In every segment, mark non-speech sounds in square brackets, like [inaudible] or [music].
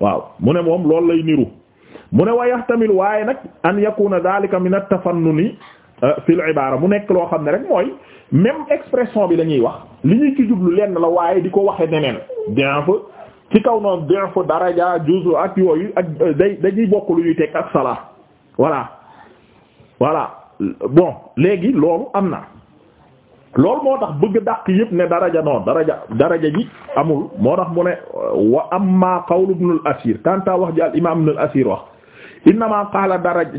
waaw mu ne moom loolu lay niru mu ne wa yaxtamil waaye nag an yakuna dhalika min at-tafannuni euh, fil baara mu nekk loo xam ne rek mooy même expression bi la ñuy wax li ñuy ci jublu lenn la waaye di ko waxee neneen bien ci kaw noonu bien fa daraja juzu ak yooyu ak euh, day dañuy bokk lu ñuy teg ak salaat voilà voilà bon léegi loolu am na loolu moo tax bëgg dàq yëpp ne daraja noonu daraja daraja ji amul moo tax mu ne wa amma qawlu ibn al-Asir kanta wax ji al imam ibn al-Asir wax innama qaala daraja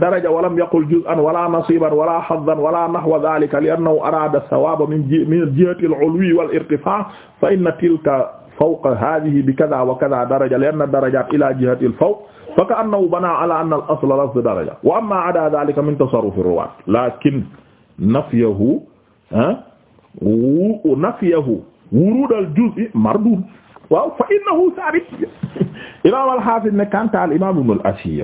daraja walam yaqul juz'an wala nasiban wala haddan wala nahwa dhalika li annahu arada ath-thawaba min jihati al-'ulwi wal-irtifa' fa inna tilka fawqa hadhihi bi kadha wa kadha daraja li anna ad-darajat ila jihati al-fawq fa ka'annahu bana ala anna al-asla lafz daraja wa amma 'ada dhalika min tasarruf ar-ruwat lakin nafyahu ah wu nafiyahu wurudal juz'i mardud waaw fa innahu sabit [laughs] imam al-hafiz ne kanta al imam ibn al-asir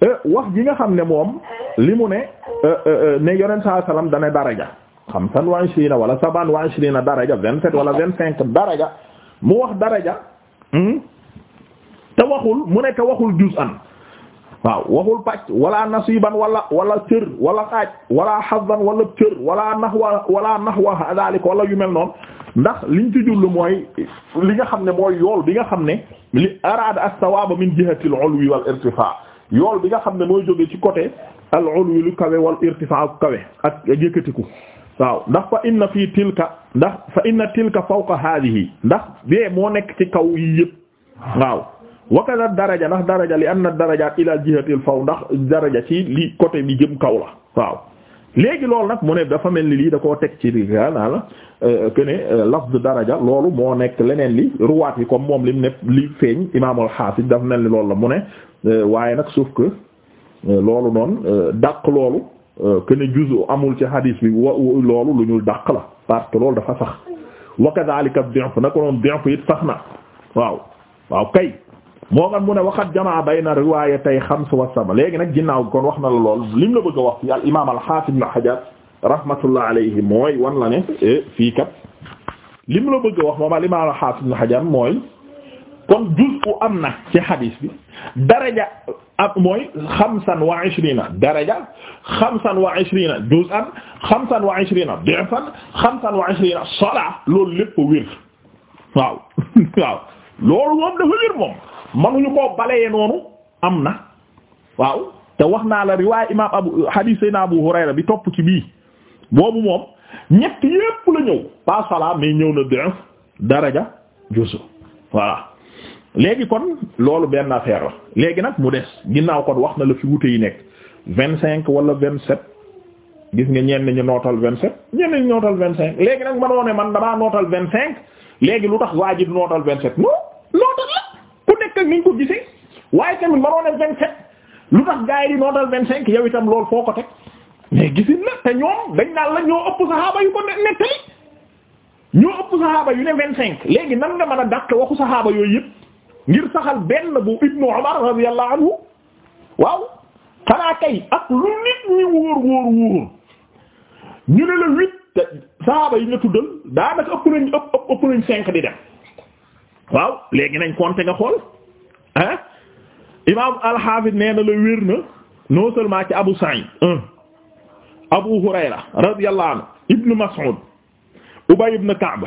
eh, wax ji nga xam ne moom li mu ne eh, eh, ne yonent saa sallam dane daraja xamsan wa ishrina wala saban wa ishrina daraja vingt sept wala vingt cinq daraja mu wax daraja hmm? te waxul mu nekk te waxul juz'an waaw waxul pàcc wala nasiban wala wala cër wala xaaj wala xazan wala cër wala naxwa wala naxwa dalik wala yu mel noonu ndax liñ ci jullu mooy li nga xam ne mooy yool bi nga xam ne li araada as-sawaaba min jihati al-ulwi wal irtifaa yool bi nga xam ne mooy jóge ci côté al-ulwi lu kawe wal irtifaa ak kawe ak yëkkatiku waaw ndax fa inna fii tilka ndax fa inna tilka fawqa haadihi ndax bee moo nekk ci kaw yi yëpp waaw wakala daraja ndax daraja li anna darajaat ila jihati al faw ndax daraja ci li côté bi jëm kaw la waaw léegi loolu nag mu ne dafa mel ni lii da koo teg ci riga naa la que ne euh, lafz daraja loolu moo nekk leneen li ruwaat yi comme moom lim ne li feeñ imaamul xaafis dafa mel ni loolu la mu ne euh, waaye nag sauf que euh, loolu noonu dàq loolu que ne juzu amul ci hadis bi wa loolu lu ñu dàq la parce que loolu dafa sax wa kadhalika bi'f nag noonu bi'f it sax na waaw waaw kay moo nga mu ne waxat jamaa bayna riwaayatay xams wa saba léegi nag ginnaaw kon wax na la lool lim la bëgg a wax fi al imaam al xaafis ibn Hajar rahmatullah alayhi mooy wan la ne eh, fii kat lim la bëgg a wax moom al imaam al xaafis ibn Hajar mooy kon juz'u am na ci xadiis bi daraja ak mooy xamsan wa ishrina daraja xamsan wa ishrina juz'an xamsan wa ishrina di'fan xamsan wa ishrina sala loolu lépp wér waaw [laughs] waaw loolu moom dafa wér moom ñu manuñu koo balayee noonu am na waaw te wax naa la riwaay imaam abu hadith sayna abu hurayra bi topp ci bii boobu moom ñett yépp la ñëw pas sala mais ñëw na def daraja juzu voilà léegi kon loolu benn affaire la léegi nag mu des ginnaaw kon wax na la fi wute yi nekk vingt cinq wala vingt sept gis nga ñenn ñu nootal vingt sept ñenn ñu nootal vingt cinq léegi nag manoo ne man damaa nootal vingt cinq léegi lu tax waa ji du nootal vingt sept non nootal ak ni ko gisee waaye tamit mënoo ne vingt sept lu tax gars di nootal vingt cinq yow itam loolu foo ko teg mais gisin la te ñoom dañ naan la ñoo ëpp saxaaba yu ko nettali ñoo ëpp saxaaba cinq léegi nan nga mën a dàq waxu saxaaba yooyu yëpp ngir saxal benn bu ibnu Umar radiyallahu anhu waaw xanaa kay ak lu nit ñi wóor wóor wóor ñu ne la huit te saxaaba yi nga tuddal daanaka ëpp nañ ëpp ëpp cinq di dem waaw léegi nañ compter nga xool ah imaam al-Hafiz na la wér na non seulement ci Abu Sa'id un Abu Hurayra radiyallahu anhu Ibn Mas'ud Ubay ibn Ka'b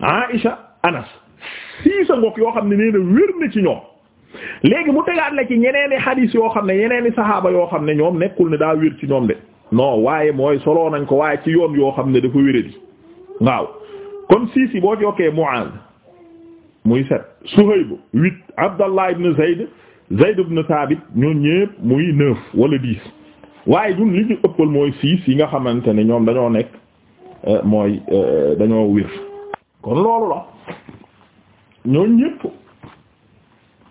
Aisha Anas sii sa yoo xam ne nee wér na ci ñoom léegi mu tegaat la ci ñeneeni xadiis yoo xam ne yeneeni saxaaba yoo xam ne ñoom nekkul ne daa wér ci ñoom de no waaye mooy soloo nañ ko waaye ci yoon yoo xam ne dafa wéradi waaw kon sii si boo jokkee Mu'aaz muy sept Suhayb huit Abdallah ibn Zayd Zayd ibn Thabit ñoom ñépp muy neuf wala dix waaye ñun li ñu ëppal mooy six yi nga xamante ne ñoom dañoo nekk euh, mooy euh, dañoo wir kon loolu la ñoom ñépp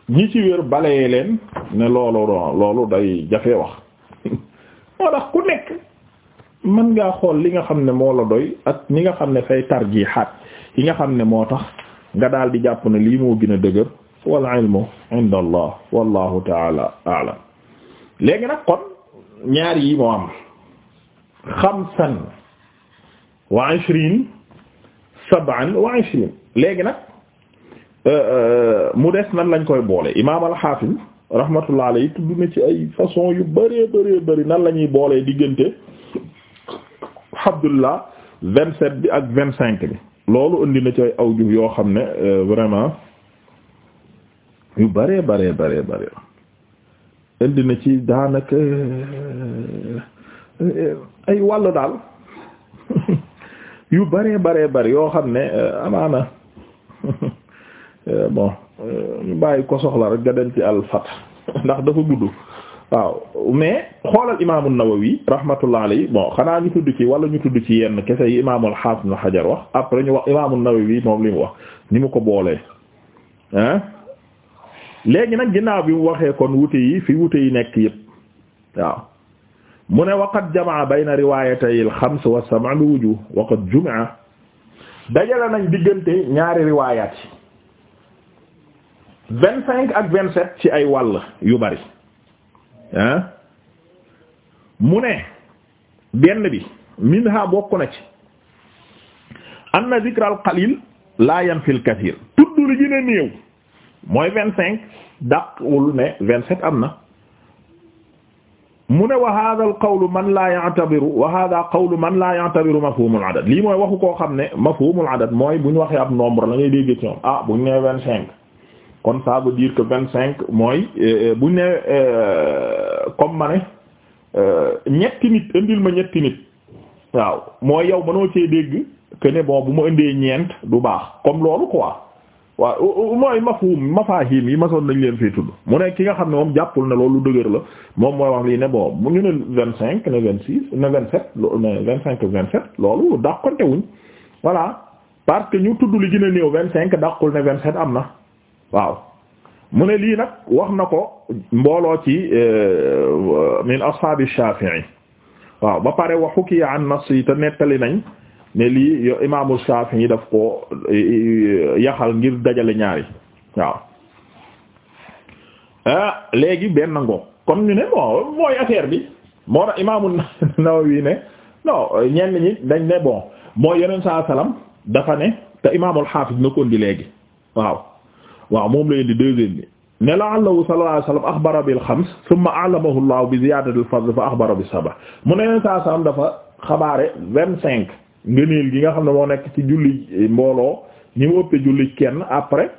ñi ci wér balayee leen ne loolu don loolu day jafe wax [laughs] moo tax ku nekk mën ngaa xool li nga xam ne moo la doy ak ñi nga xam ne fay tarjihaat yi nga xam ne moo tax nga daal di jàpp na lii moo gën a dëgër wal ilmu inda allah wallahu taala aalam léegi nag kon ñaar yi moo am xamsan wa ishrine saban wa ishrine léegi nag euh, euh, mu des nan lañ koy boole imaam alxaafis rahmatullah alayhi tudd na ci ay façon yu bëree bëree bëri nan la ñuy boolee diggante Abdullah vingt sept bi ak vingt cinq bi loolu indi na ci aw jub yoo xam ne euh, vraiment yu bare bare bare bare indi na ci daanaka euh, ay wàll daal [laughs] yu bare bare bare yoo xam ne euh, amaana [laughs] bon ñu bàyyi ko soxla rek nga ci al ndax dafa gudd waaw mais xoolal imaamu Nawawi rahmatullah alayhi bon xanaa ñu tudd ci wala ñu tudd ci yenn kese yi imaamul Haafis na Hajar wax après ñu wax imaamu Nawawi moom li mu wax ni mu ko boolee léegi nag ginnaaw bi mu waxee kon wute yi fi wute yi nekk yëpp waaw mu ne waqad jamaa bayna riwaayatay al-xams wa sab'a bi wujuh waqad jumaa dajale nañ diggante ñaari riwaayaat yi vingt cinq ak vingt sept ci ay wàll yu bari ah mu ne benn bi minha bokk na ci anna zikral qalil la yanfil kathir tudd lu gën a mooy vingt cinq dàqwul ne vingt sept am na mu ne wa hada al qawlu man la ya'tabiru wa hada qawlu man la ya'tabiru mafhumul adad lii mooy waxu koo xam ne mafhumul adad mooy bu ñu waxee ab nombre la ngay dégg ci moom ah bu ñu kon ça veut que vingt cinq mooy euh, bu ne euh, comme ma ne euh, ñetti nit indil ma ñetti nit waaw mooy yow mënoo cee dégg que ne bon bu ma indee ñeent du baax comme loolu quoi waaw mooy mafhum mafahim yi masoon nañ leen fii tudd mu ne ki nga xam ne moom jàppul ne loolu dëgër la moom mooy wax lii ne bon mu ñu ne vingt cinq ne vingt six ne vingt sept ne cinq vingt loolu dàqonte wuñ voilà parce que ñu tudd li gën a néew vingt cinq dàqul ne vingt sept am na waaw mu ne lii nag wax na ko mbooloo ci euh, min ashaabi Shaafi'i waaw ba pare wa hukiya an yi te nettali nañ ne lii yo imaamu Shaafi'i daf ko yaxal ngir dajale ñaari waaw ah, léegi benn ngo kon ñu ne bon mooy affaire bi moo tax imaamu Nawawi ne non ñenn ñi dañ ne bon mooy yeneen saa salaam dafa ne te imaamul xaafis na ko indi léegi waaw waaw moom la indi bi ne la'allahu sallallahu alayhi wa sallam axbara bil xams thumma a'lamahu Allahu bi ziyaadati al-fadl fa axbara bi sab'a mu ne leen saa saam dafa xabaare vingt cinq ngëneel gi nga xam ne moo nekk ci julli mbooloo ñi mu ëppee julli kenn après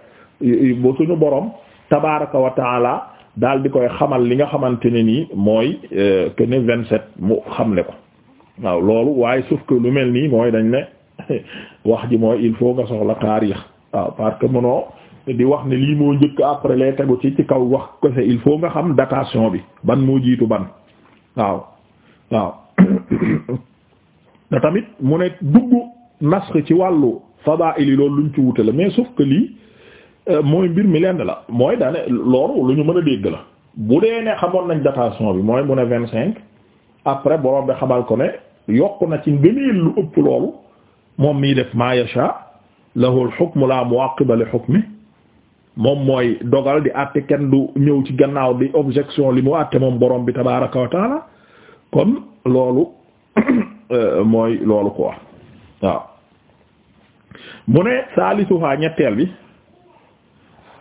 ba suñu boroom tabaaraka wa taala daal di koy xamal li nga xamante ne nii mooy euh, que ne vingt sept mu xamle ko waaw loolu waaye sauf que lu mel nii mooy dañ ne [laughs] wax ji mooy il faut nga soxla taarix waaw parce que mënoo. di wax ne lii moo njëkk après lay tegu ci ci kaw wax ko se il faut nga xam datation bi ban moo jiitu ban waaw waaw da [coughs] tamit mu ne dugg nasx ci wàllu fadaa'il yi loolu luñ ci wute la mais sauf euh, mbir mi lenn la lu ñu mën a dégg la bu dee ne xamoon nañ datation bi mooy mu ne vingt cinq après borom bi xamal ko ne yokk na ci ngëneel lu ëpp loolu moom miy def ma yasha lahu al hukmu la li hukmi moom mooy dogal di àtte kenn du ñëw ci gannaaw di objection li mu àtte moom borom bi tabaraka wa taala kon loolu [coughs] euh, mooy loolu ko wax waaw mu ne salisuha ñetteel bi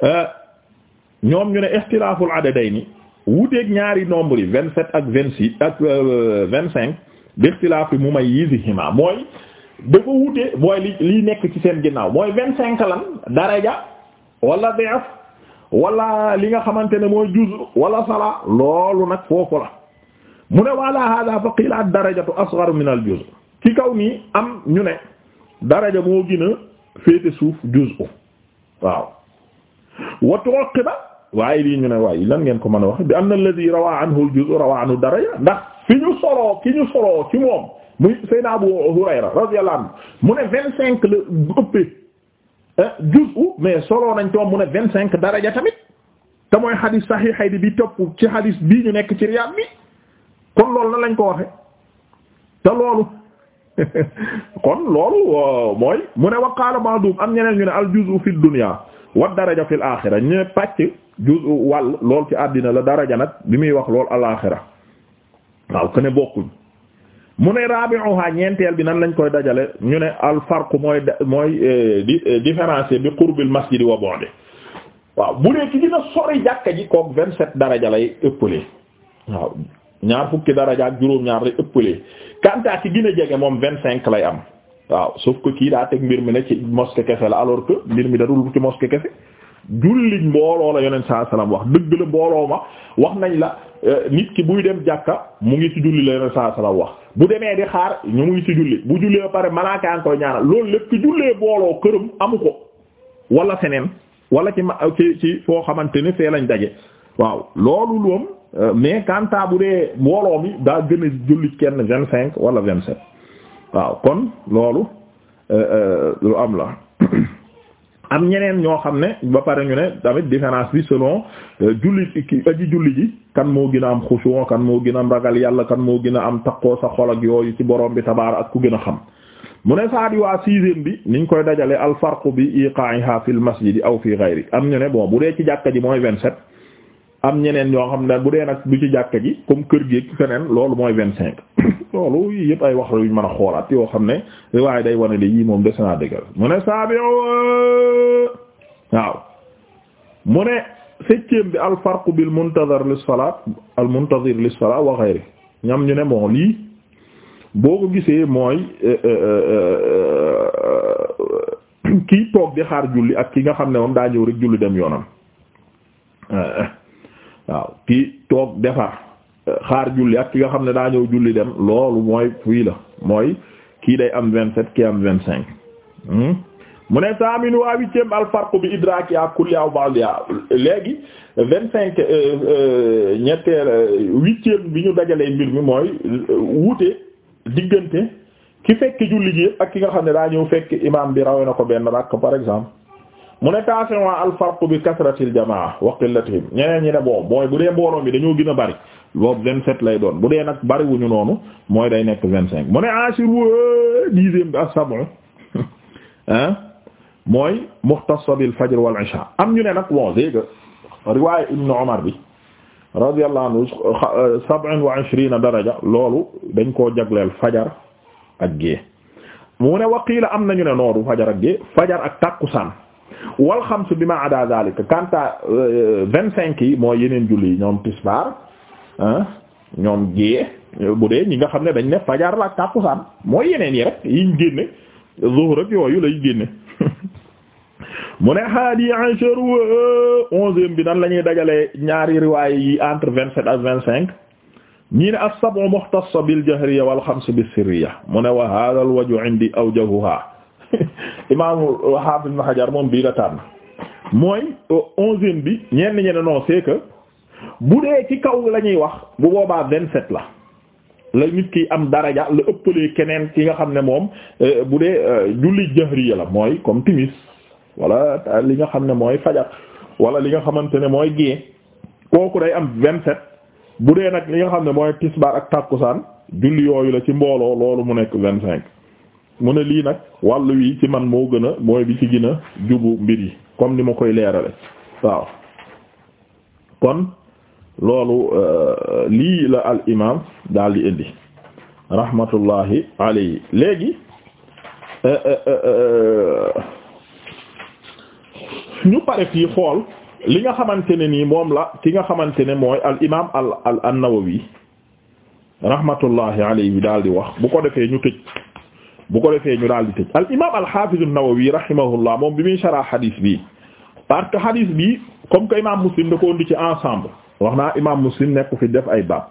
euh, ñoom ñu ne ixtilaaful ni wuteeg ñaari nombre yi vingt sept ak vingt six ak euh, vingt cinq bi ixtilaafi mumayyizihima mooy dafa wute mooy li liy nekk ci seen ginnaaw mooy vingt cinq lan daraja wala def wala li nga xamante ne mooy juz wala sala loolu nag foofu la mu ne wala hada fa qiila ad darajatu asghar min al juz ci kaw nii am ñu ne daraja moo gën a féete suuf juz waaw wa tuqiba waaye li ñu ne waaye lan ngeen ko mën a wax bi anna alladhi rawa anhu al juz rawa anhu daraja ndax fi ñu soloo ki ñu soloo ci moom muy sayna Abu Hurayra radiyallahu anhu mu ne vingt cinq le ëppee Eh, juzu mais soloo nañ toom mu ne vingt cinq daraja tamit te mooy xadis saxiixay di bi topp ci xadis bii ñu nekk ci Riyaad bi kon loolu na lañ ko waxe te loolu [laughs] kon loolu euh, mooy mu ne wa qaala am ñeneen ñu ne al juzu fi dunya wa daraja fi al-axira ñu ne pàcc juzu wàll lool ci àddina la daraja nag bi muy wax lool al-axira waaw kene bokkuñ mu ne rabi'uha ñeenteel bi nan lañ koy dajale ñu ne al farq mooy mooy eh, di eh, différencier bi qurbil masjid wa bu'di waaw bu dee ci dina sori jàkka ji kook vingt-sept daraja lay ëppalee waaw ñaar fukki daraja ak juróom-ñaar lay ëppalee kantaa ci gën a jege moom vingt-cinq lay am waaw sauf que kii daa teg mbir mi ne ci mosquée kese la alors que mbir mi dadul ci mosquée kese julliñ mbooloo la yonent saa salaam wax dëgg la mbooloo ma wax nañ la eh, nit ki buy dem jàkka mu ngi ci julli la yonent saa salaam wax bu demee di xaar ñu mu ngi ci julli bu jullee ba pare malaaka yaa ngi koy ñaanal loolu lépp jullee booloo këram amu ko wala feneen wala ci ma ci ci foo xamante ni fee lañ daje waaw loolu loom eh, mais kanta bu dee mbooloo mi daal gën a julli kenn vingt cinq wala vingt sept waaw kon loolu eh, lu am la [clears throat] am ñeneen ñoo xam ne ba pare ñu ne tamit différence bi selon euh, julli ki aji julli ji kan moo gin a am xushu kan moo gën a am ragal yàlla kan moo gën a am taqoo sa xol ak yooyu ci boroom bi tabaar ak ku gën a xam mu ne saa di waa sixième bi niñ koy dajale al farq bi iqa'iha fil masjid aw fi ghayri am ñu ne bon bu dee ci jàkka ji mooy vingt-sept am ñeneen yoo xam ne bu dee nag du ci jàkka ji comme kër gi feneen loolu mooy vingt cinq [coughs] loolu yii yëpp ay wax la yuñ mën a xoolaat yoo xam ne riwaay day wane de yii moom des naa dëggal mu ne saabiu waaw mu ne septième bi al farq bil muntazir lis salat al muntazir lis salat wa ñam ñu ne moo lii boo ko gisee mooy eh, eh, eh, [coughs] kiy toog di xaar julli ak ki nga xam ne moom daa ñëw rek julli dem yoonam waaw ki toog defar euh, xaar julli ak ki nga xam ne daa ñëw julli dem loolu mooy fii la mooy kii day am vingt sept kii am vingt cinq hmm? mu ne saaminu waa huitième alfarqu bi idraki ak kulli aw ba'diha léegi vingt cinq euh, euh, ñetteel huitième bi ñu dajalee mbir mi mooy wuute diggante ki fekk julli ji ak ki nga xam ne daa ñëw fekk imam bi rawe na ko benn rakk par exemple mu ne taasin al farq bi kasratil jamaa wa qillatihim ñi ne bon mooy bu dee mbooloo bi dañoo gën a bari boobu vingt sept lay doon bu dee nag bariwuñu noonu mooy day nekk vingt cinq mu ne ashiru eh, dixième bi as-sab'u ah [laughs] mooy muxtassa bil fajr wal isha am ñu ne nag riwaaya ibnu Umar bi radiyallahu anhu sab'un wa ishrina daraja loolu dañ koo jagleel fajar ak gée mu ne waqiila am nañu ne nooru fajar ak gée fajar ak tàkkusaan wal xamsu bi ma ada zalika kanta euh, vingt cinq yi mooy yeneen julli yi ñoom tisbaar ñoom gée bu ñi nga xam ne dañ ne fajar la ak tàkkusaan mooy yeneen yi rek yiñ génne zuhr ak yooyu lay génne [laughs] mu ne haadi ashar onzième bi nan la ñuy dajalee ñaari riwaay yi entre vingt sept ak vingt cinq ñii ne as-sab'u muxtassa bil jahriya wal xamsu bis sirriya mu ne wa haadha al wajhu awjahuha [laughs] imaamu Hafiz Ibn Hajar moom bii la tànn mooy euh, onzième bi ñenn ñi ne non bu dee ci kaw la ñuy wax bu boobaa vingt-sept la la nit ki am daraja la ëppalee keneen ki nga xam ne moom euh, bu dee euh, julli jahriya la mooy comme timis wala li nga xam ne mooy fajar wala li nga xamante ne mooy gée kooku day am vingt-sept bu dee nag li nga xam ne mooy tisbaar ak tàkkusaan julli yooyu la ci mbooloo loolu mu nekk vingt-cinq mu ne lii nag wàll wi ci man moo gën a mooy bi ci gin a jubu mbir yi comme ni ma koy leerale waaw kon loolu euh, lii la al imam daal indi rahmatullahi alayhi léegi euh, euh, ñu pare fii xool li nga xamante ne nii moom la ki nga xamante ne mooy al imam al al an-Nawawi rahmatullahi alayhi daal di wax bu ko defee ñu tëj bu ko defee ñu daal di tëj al imaam al xaafiz an-Nawawi rahimahullah moom bi muy sarah hadith bi parce hadith bi comme que imaam Muslim da ko indi ci ensemble wax naa imaam Muslim nekk fi def ay baab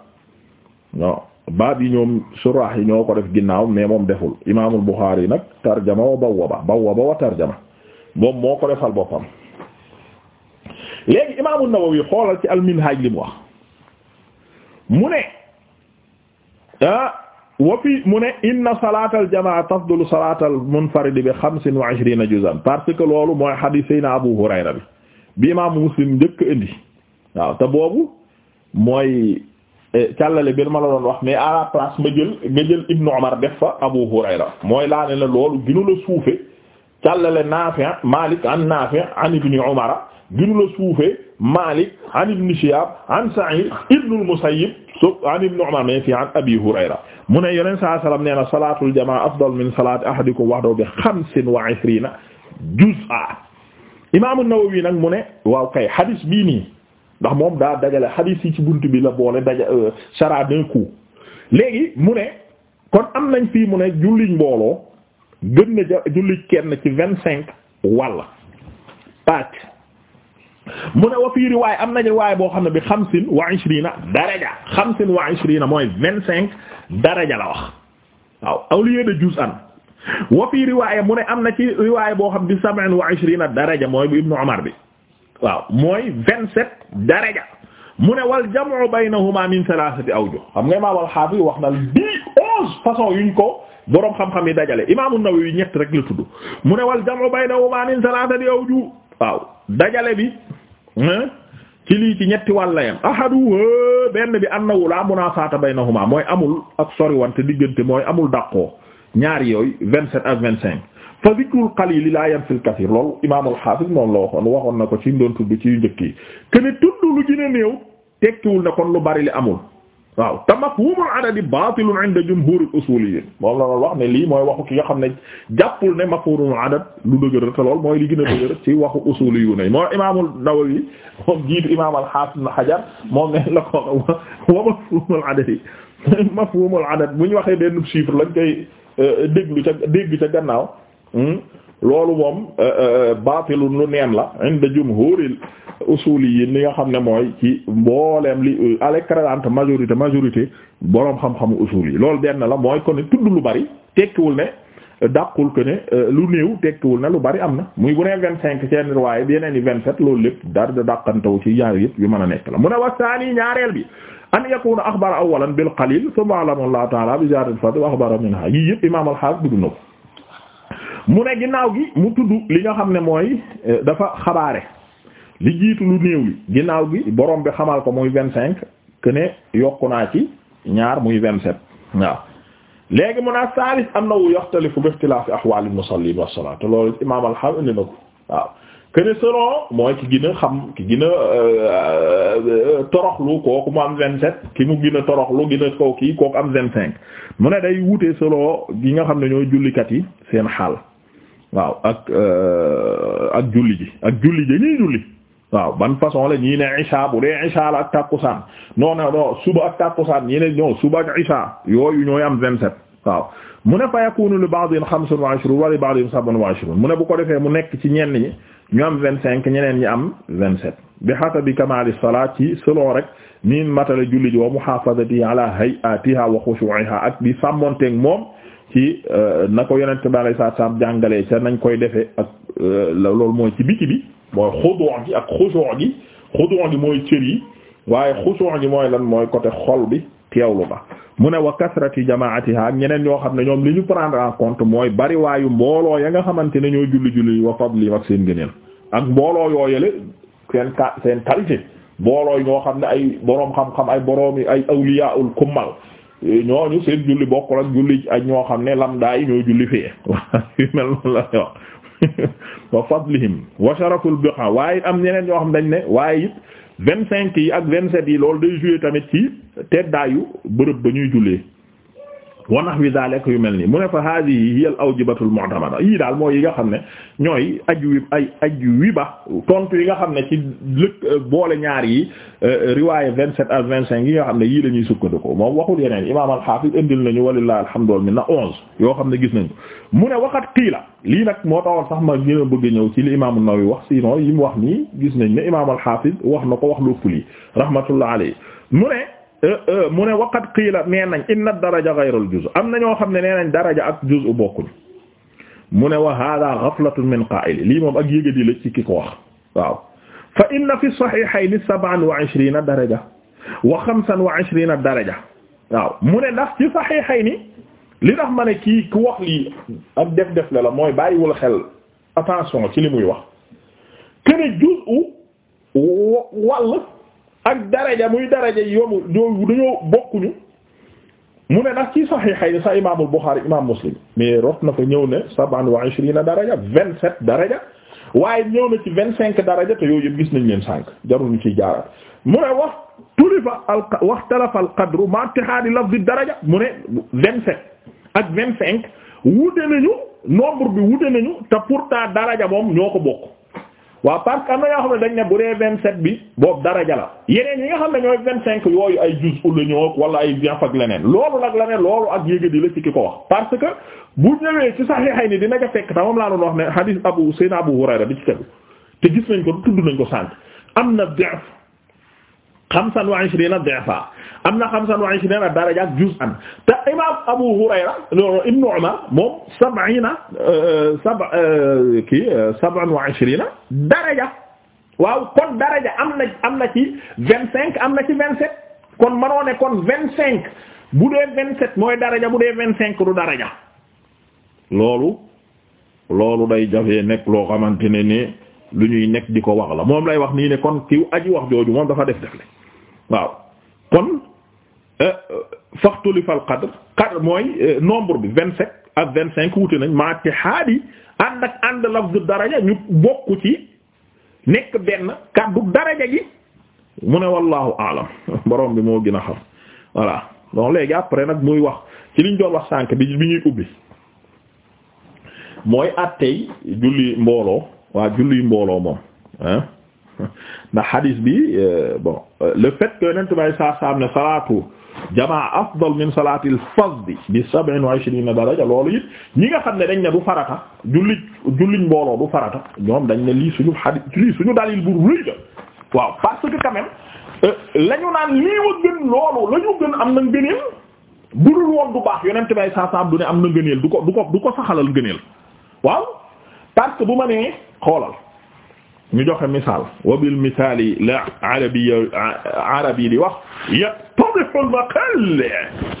non baab yi ñoom surah yi ñoo ko def ginnaaw mais moom deful imaamul Buxaari nag tarjama wa bawwaba bawwaba wa tarjama moom moo ko defal boppam. léegi imaam an-Nawawi xoolal ci al-Minhaj li mu wax ah. wa fi mu ne inna salaatal jamaa tafdulu salaatal munfaridi bi xamsin wa ishrina juz'an parce que loolu mooy hadith sayna Abu Hurayra bi bi imaamu Muslim njëkk indi waaw boobu mooy eh, càllale bi ma la doon wax mais à place ma jël nga jël Ibnu Umar def Abu Hurayra mooy laa ne la loolu ginu la suufe càllale Naafi' Maalik an Naafi' an Ibni Umar ginu la suufee Malik an ibn Shihab an Sa'id ibn al-Musayyib so an ibn Umar ma fi an Abi Hurayra mu ne yoneen saa sallam nee na salaatul jamaa afdal min salaati ahadikum wahdahu bi xamsin wa ishrina juz'a Imam an-Nawawi nag mu ne waaw kay hadis bii nii ndax moom daa dajale hadis yi ci bunt bi la boole daja euh, chara d'un coup léegi mu ne kon am nañ fii mu ne julliñ mbooloo gën na julliñ kenn ci vingt cinq walla pàcc mu ne wa fii riwaaya am nañu riwaaya boo xam ne bi xamsin wa ishrina daraja xamsin wa ishrina mooy vingt cinq daraja la wax waaw au lieu de juz'an wa fii riwaaya mu ne am na ci riwaaya boo xam bi sab'in wa ishrina daraja mooy bu ibnu Umar bi waaw mooy vingt sept mu ne wal jam'u baynahuma min thalathati awjuh xam nga imaam al-Hafiz wax na bii onze façon yuñ ko boroom xam-xam yi dajale imaam an-Nawawi ñett rek la tudd mu ne wal jam'u baynahuma min thalathati awjuh dajale bi ci lii ci ñetti wàlla yam ahadu benn bi laa annahu la munaafaata baynahuma mooy amul ak wante diggante mooy amul dàqoo ñaari yooyu vingt sept ak vingt cinq fa zikrul qalil la yanfil kathir loolu imaamul hafiz moom la waxoon waxoon na ko ci doon tudd ci njëkk yi kene tudd lu gën a néew tekkiwul ne kon lu bari li amul waaw te mafhumul adadi baatilun inda jumhuril usuliyin moom la loolu wax ne lii mooy waxu ki nga xam ne jàppul ne mafhumul adad lu dëgër te lool mooy li gën a dëgër ci waxu usuliyuuna yi moo imaamul Nawawi moom jiitu imaam al-Hafiz Ibn Hajar moom ne la ko wa mafhumul adadi mafhumul adad bu ñu waxee benn chiffre lañ koy euh, déglu ca dégg ca gannaaw hmm? loolu moom euh, euh, baatilun lu neen la inda jumhuril usuliyin ni nga xam ne mooy ci mbooleem li euh, à l'écrasante majorité majorité boroom xam-xamu usul loolu benn la mooy kon tudd lu bari tekkiwul ne dàqul que ne lu néew tekkiwul ne lu bari am na muy bu nee vingt cinq seen riwaaya yeneen i vingt sept loolu lépp dara da dàqantaw ci yaar yëpp yu mën a nekk la a ne wasaani ñaareel bi an yakuna axbara awalan bil qalil thumma allah taala bi ziyadatil fadl mu ne ginnaaw gi mu tudd li nga xam ne mooy eh, dafa xabaare li jiitu lu néew li ginnaaw gi borom bi xamaal ko muy vingt cinq que yokku naa ci ñaar muy vingt sept waaw léegi mu naa saalis am na wu yaxtalifu bi ixtilaafi ahwaali musallin wa salaat loolu imaam alxam indi na ko waaw que ne selon mooy ki gën a xam ki gën a euh, toroxlu kooku mu am vingt sept ki mu gën a toroxlu gën a kooku kii kooku am vingt cinq mu ne day wutee selon gi nga xam ne ñooy jullikat yi xaal. waaw ak euh, ak julli ji ak julli ji ñuy julli waaw ban façon la ñii ne isha bu dee isha la ak tàkkusaan non non non suba ak tàkkusaan ñii ne non suba ak isha yooyu ñooy am vingt-sept waaw mu ne fa yakunu li ba'din xamsun wa ishrun wa li wa ishrun mu ne bu ko defee mu nekk ci ñenn ñi ñu am vingt-cinq ñeneen ñi am vingt-sept bi hasabi kamaali salaat ci selon rek min matale julli ji wa muhaafazati ala hay'atiha wa khushu'iha ak bi sàmmonteeg moom ci euh, na ko yeneen bi alayhi salaatu salaam jàngalee sa nañ koy defee ak euh, loolu mooy ci biti bi mooy xudu' gi ak xusu' gi xudu' gi mooy cër yi waaye xusu' gi mooy lan mooy côté xol bi teewlu ba mu ne wa kasrati jamaatiha ak ñeneen ñoo xam ne ñoom li ñu prendre en mooy bari waayu mbooloo ya nga xamante ne ñoo julli julli wa fadli ak seen gëneel ak mbooloo yooyale seen ka seen qualité mbooloo yi ñoo xam ne ay boroom xam-xam ay boroomi ay awliyaul kummal ñooñu seen julli bokkul ak julli ak ñoo xam ne lamda yi ñoo julli fee waaw [laughs] yu mel noonu la wax [laughs] wa fadlihim wa sharaful biqa waaye am ñeneen ñoo xam dañ ne waaye it vingt cinq yi ak vingt sept yi loolu day jouer tamit ci teddaayu bërëb ba ñuy jullee wa nahwi zalika yu mel nii mu ne fa hadihi hiya al awjibatul mu'tamada yii daal mooy yi nga xam ne ñooy aj wi ay aju wi ba tontu yi nga xam ne ci lëkk euh, boole ñaar yi euh, riwaaye vingt sept ak vingt cinq yi nga xam ne yii la ñuy sukkandiku moom waxul yeneen imaam al-Hafiz indil nañu walillahi alhamdu wal minna onze yoo xam ne gis nañu mu ne waxat qiila lii nag moo taxoon sax ma gën a bëgg ñëw ci li imaam an yi wax sinon yi mu wax nii gis nañ ne imaam al-Hafiz wax na ko wax lu ëpp lii rahmatullah alayhi mu Euh, euh, mu ne waqat qiila nee nañ inna daraja ghayrul juz am na ñoo xam ne nee nañ daraja ak juz bokkuñ mu ne wa hada ghaflatun min qaa'ili lii moom ak yëgadi la ci ki ko wax waaw fa inna fi sahihayn sab'an wa ishrina daraja wa xamsan wa ishrina daraja waaw mu ne ndax ci sahihayn li tax ma ne kii ku wax lii ak def def la la mooy bàyyiwul xel attention ci li muy wax kene juz wàll ak daraja muy daraja yomb yooyu dañoo bokkuñu mu ne ndax ci saxiixayni sa imaamul Buxaari imaam Muslim mais rot na fa ñëw ne sab'an wa ishrina daraja vingt sept daraja waaye ñëw na ci vingt cinq daraja te yooyu yëpp gis nañ leen sànq jarul ñu ciy jaaraat mu ne wax tulifa al waxtalafa al qadru ma ittihaadi lafzi daraja mu ne vingt ak vingt cinq wute nañu nombre bi wute nañu te pourtant daraja moom ñoo ko bokk. waaw parce que am na ñoo xam ne dañ ne bu dee vingt sept bi boobu daraja la yeneen yi nga xam ne ñooy vingt cinq yooyu ay juz ula ñoo wala ay vingt ak leneen loolu nag la ne loolu ak yéga di la ci ki ko wax parce que bu ñëwee ci saxiixay ni dina ko fekk ta moom laa doon wax ne hadith abu sayna abu hurayra bi ci tegu te gis nañ ko tudd nañ ko sànq am na def xamsan wa ishrina di'fa am na xamsan wa ishrina daraja ak juz'an te imam Abu Hurayra ibn Umar moom saba sab kii sab'an wa ishrina daraja waaw kon daraja am na am na ci vingt cinq am na ci vingt sept kon manoo ne kon vingt cinq bu dee vingt sept mooy daraja bu dee vingt cinq du daraja loolu loolu day jafee nekk loo xamante ne ni lu ñuy nekk di ko wax la moom lay wax nii ne kon ki aji wax jooju moom dafa def def le waaw kon euh, faxtulifa al qadr mooy euh, nombre bi vingt sept ak vingt cinq wuute nañ maa te xaadi ànd ak ànd lafdu daraja ñu bokk ci nekk benn kàddu daraja gi mu ne wallahu alam [laughs] borom bi moo gin a xam voilà donc léegi après nag muy wax ci liñ doon wax sànk bi bi ñuy ubbi mooy àtteey julli mbooloo waa julli mbooloo moom [laughs] ndax hadis bi euh, bon euh, le fait que yonent bay saa saam ne salaatu jamaa afdal min salaatil fadli bi sab'in wa ishrina daraja loolu it ñi nga xam ne dañ ne du farata jullit jullit mbooloo du farata ñoom dañ ne lii suñu hadis suñu dalil bu waaw parce que quand même euh, la ñu naan lii wa gën loolu la gën am na ngëneel bu dul woon du baax yonent bay saa saam du ne am na ngëneel du ko du ko ko saxalal ngëneel waaw parce que bu ma nee xoolal. ñu joxe misaal wa bil misaali la arabi arab yi di wax yattadihu al maqal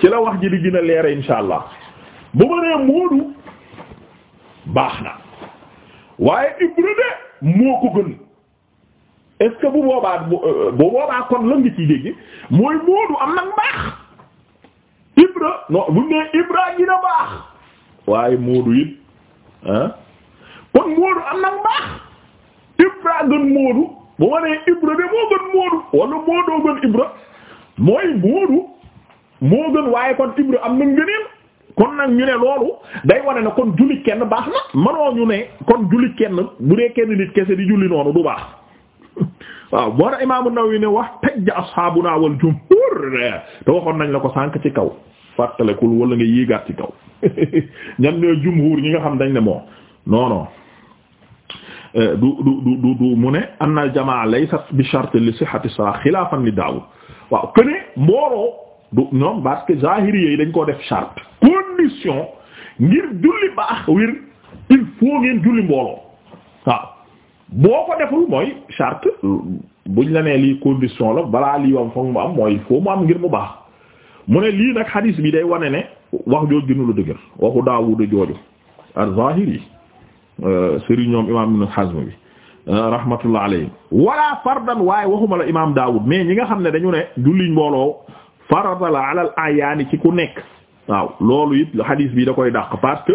ci la wax ji di gën a leere insha allah bu ma moodu baax na waaye ibra de moo ko gën est bu boobaa bu euh, boobaa kon la ngi ciy mooy moodu am nag baax ibra non bu nee ibra gën a baax waaye moodu it kon moodu am nag baax ibra gën moodu bu ma nee ibra de moo gën moodu wala moodoo gën ibra mooy moodu moo gën waaye kon ibra am na ngëneel kon nag ñu ne loolu day wane na kon julli kenn baax na manoo ñu ne kon julli kenn bu dee kenn nit kese di julli noonu du baax [laughs] waaw moo tax Imaam An-Nawawi ne wax tajja ashaabuna wal jumhur te waxoon nañ la ko sànk ci kaw fàttalekul wala nga yéegaat ci kaw [laughs] ñan ñooy jumhur ñi nga xam dañ ne moo non Euh, du du du du mu ne anna al jamaa laysa bi shart li sihhati salah xilaafan li Daawud waaw que ne mbooloo du ñoom parce que zahiri yi dañ koo def shart condition ngir julli baax wir il faut ngeen julli mbooloo waaw boo ko deful mooy shart buñ la nee lii condition la balaa lii wam foog mu am mooy il faut mu am ngir mu baax mu ne lii nag hadis bi day wane ne wax jooju gënu la dëgër waxu Daawud jooju al zahiri Euh, sëriñ ñoom imam ibn Hazm bi euh, rahmatullah alayhi wala fardan waaye waxuma la imam Daawud mais ñi nga xam ne dañu ne julliñ mbooloo farata la alal ci ku nekk waaw loolu it hadis bi da koy dàq parce que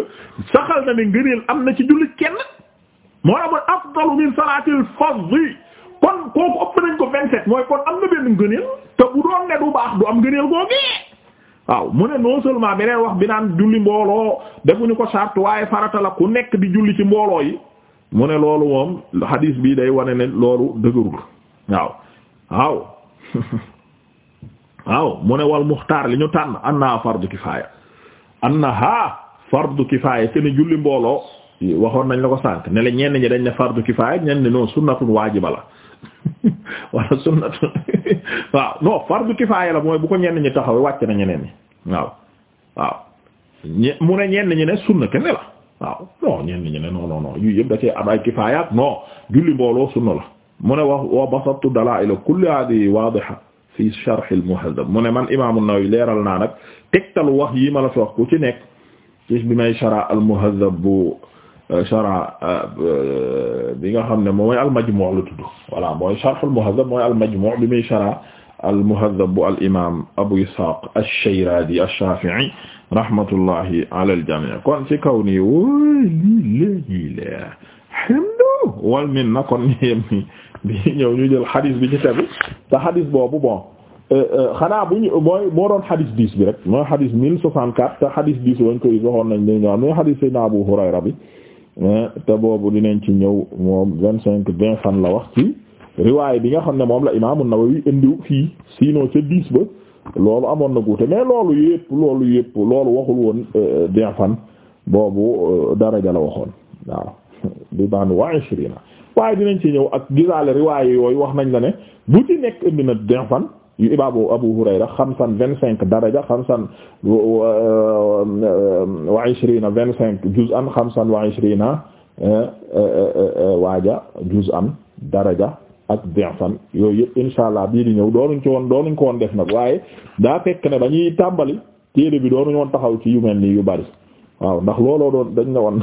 saxal na ne ngëneel am na ci julli kenn moo amul afdalu min salaatil fadhi kon kooku ëpp nañ ko vingt-sept mooy kon am na benn ngëneel te bu doon ne du baax du am ngëneel googee waaw mu ne non seulement beneen wax bi naan julli mbooloo ñu ko sart waaye farata la ku nekk di julli ci mbooloo yi mu ne loolu moom hadis bii day wane ne loolu dëgërul waaw waaw [laughs] waaw mu ne wal muxtaar li ñu tànn anna fardu kifaaya annaha fardu kifaaya te ne julli mbooloo waxoon nañ la ko sànk ne la ñenn ñi dañ ne fardu kifaaya ñenn ne non sunnatun waajiba la [laughs] wala sunnatu [laughs] waaw non fardu kifaaya la mooy bu ko ñenn ñi taxaw wàcc na ñeneen ñi waaw waaw ñe mu ne ñenn ñi ne sunna kene la waaw non ñenn ñi ne non non non yii yëpp da ci am ay kifaayaat non julli mbooloo sunna la mu ne wax wa basattu dalaa'ila kulli hadihi waadiha fi sharh al mu ne man imaam an-Nawawi leeral naa nag tegtalu wax yi ma la fi wax ku ci nekk ci bi may sharh al bu shara euh, euh, bi nga xam ne mooy al-Majmu' la tudd voilà mooy sharh al-Muhazzab mooy al-Majmu' bi muy shara al-Muhazzab bu al-imaam Abu Ishaq ash-Shirazi ash-Shafi'i rahmatullahi ala al-jami' kon ci kaw nii lillahi alhamdu wal minna kon ñeem ni bi ñëw ñu jël xadis bi ci tegu te xadis boobu bon euh, xanaa bu ñu mooy moo doon xadis dix bi rek mooy xadis mille soixante-quatre te xadis dix wañ koy waxoon nañ ne ñoom mooy xadis Seydina Abu Hurayra bi Eh, te boobu dinañ ci ñëw moom vingt cinq vingt fan la wax ci riwaay bi nga xam ne moom la imaam an-Nawawi indiw fii sinon ca dix ba loolu amoon na guute mais loolu yëpp loolu yëpp loolu waxul woon eh, vingt fan boobu eh, daraja la waxoon waaw di [laughs] baan wa ishrina waaye dinañ ci ñëw ak gisaale riwaay yooyu wax nañ la ne bu ci nekk indi na vingt yu ibaabu Abu Hurayra xamsan vingt cinq daraja xamsan wa ishrina vingt cinq juz'an xamsan wa ishrina eh, eh, eh, waaja juz'an daraja ak di'fan yooyu yëpp insha allah bii di ñëw doonuñ ci woon doonuñ ko woon def nag waaye daa fekk ne dañuy tàmbali téere bi doonuñ woon taxaw ci yu mel nii yu bari waaw ndax looloo doon dañ ne woon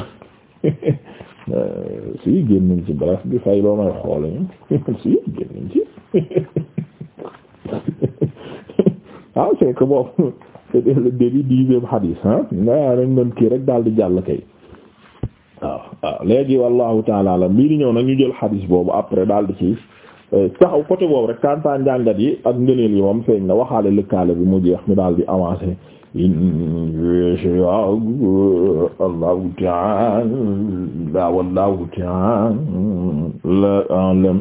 [laughs] si génn nañ ci bref bi fay loo may xool ñu [laughs] si génn nañ ci [laughs] [laughs] ah c'est que bon [laughs] c'est le début dixième hadis ah ah dañu kii rek daal di jàll kay waaw ah, ah, waaw léegi wallahu taala alam bii di ñëw nag ñu jël hadis boobu après daal di ci euh, taxaw côté boobu rek kantaa njàngat yi ak ngëneel yi moom feeñ na waxaale lëkkaale bi mu jeex ñu daal di avancé insha euh, allahu taala wallahu taala alam